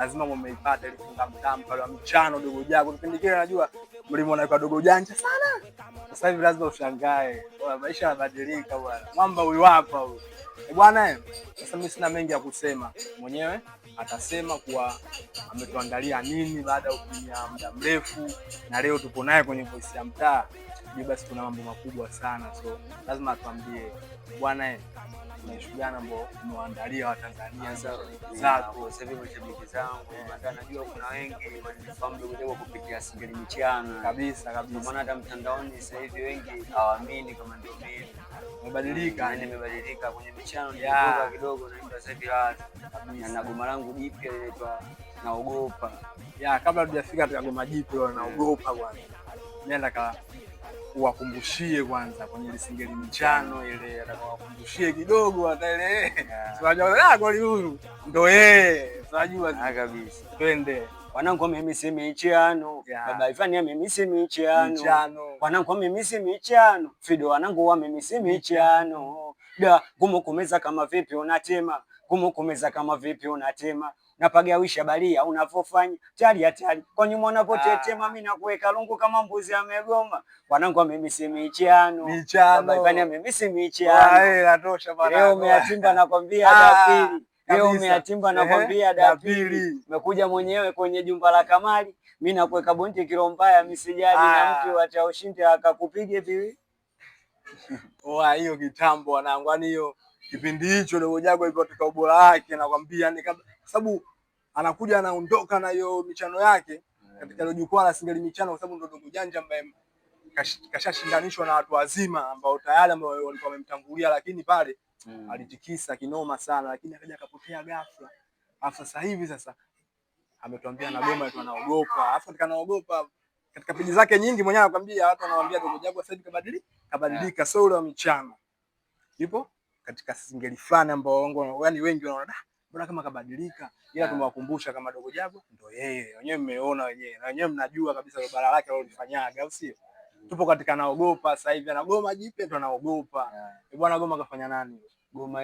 lazima mmeipata ile funga mtampa la mchano dogo jago. Kipindi kile najua mlimwona kwa dogo janja sana, sasa hivi lazima ushangae maisha yanabadilika bwana. Mwamba huyu hapa huyu eh, bwana. Eh, sasa mimi sina mengi ya kusema, mwenyewe atasema kuwa ametuandalia nini baada ya kutumia muda mrefu, na leo tupo naye kwenye Voice ya Mtaa sijui basi kuna mambo makubwa sana, so lazima atuambie bwana, kuna shughuli gani ambao umewaandalia Watanzania zako sasa hivi, mashabiki zangu, eh. najua kuna wengi wanafahamu kupitia singeli mchana kabisa kabisa, maana hata mtandaoni sasa hivi wengi hawaamini kama ndio mimi nimebadilika, yaani eh. nimebadilika kwenye michano kidogo, naimba sasa hivi kabisa, na goma langu jipya linaitwa naogopa ya, kabla tujafika katika goma jipya eh. naogopa bwana, nenda ka uwakumbushie kwanza kwenye lisingeli michano ile, wakumbushie kidogo, hata ile sijajua goli ah, ndo yeye sijajua ah, kabisa. Twende wanangu, si michano baba Ifani si michano wanangu, si michano Fido wanangu, si michano da gumu kumeza kama vipi unatema kumu kumeza kama vipi unatema napagawisha balia unavyofanya tari hatari kwani mwanapotetema ah. mimi nakuweka lungu kama mbuzi amegoma. Wanangu mimi si michiano michiano, baba bani mimi si michano. Aye, ah, eh, natosha bana, leo umeatimba ah, nakwambia dapili, leo umeatimba nakwambia dapili. Umekuja mwenyewe kwenye jumba la kamali, mimi nakuweka bonti kilo mbaya, misijali na mtu acha ushinde akakupige vipi? Wa hiyo kitambo wanangu, yani hiyo kipindi hicho leo Jagu alikuwa katika ubora wake, nakwambia kwa sababu anakuja anaondoka na hiyo michano yake katika ile jukwaa la singeli michano, kwa sababu ndio ndugu Janja ambaye kashashindanishwa na watu wazima ambao tayari ambao walikuwa wamemtangulia, lakini pale mm. alitikisa kinoma sana, lakini akaja akapotea ghafla. Alafu sasa hivi sasa ametuambia na goma alikuwa anaogopa, alafu kanaogopa katika pili zake nyingi mwenyewe anakuambia, watu wanawaambia ndugu Jagu sasa hivi kabadilika, kabadilika, yeah. sio ule wa michano ipo katika singeli fulani ambao yani wengi wanaona mbona kama kabadilika, ila ah. tumewakumbusha kama Dogo Jagu ndio yeye wenyewe, mmeona wenyewe na wenyewe mnajua kabisa bara lake alolifanyaga, au sio? Tupo katika naogopa sasa hivi, anagoma jipe ndo anaogopa ah. eh, bwana. Goma kafanya nani? Goma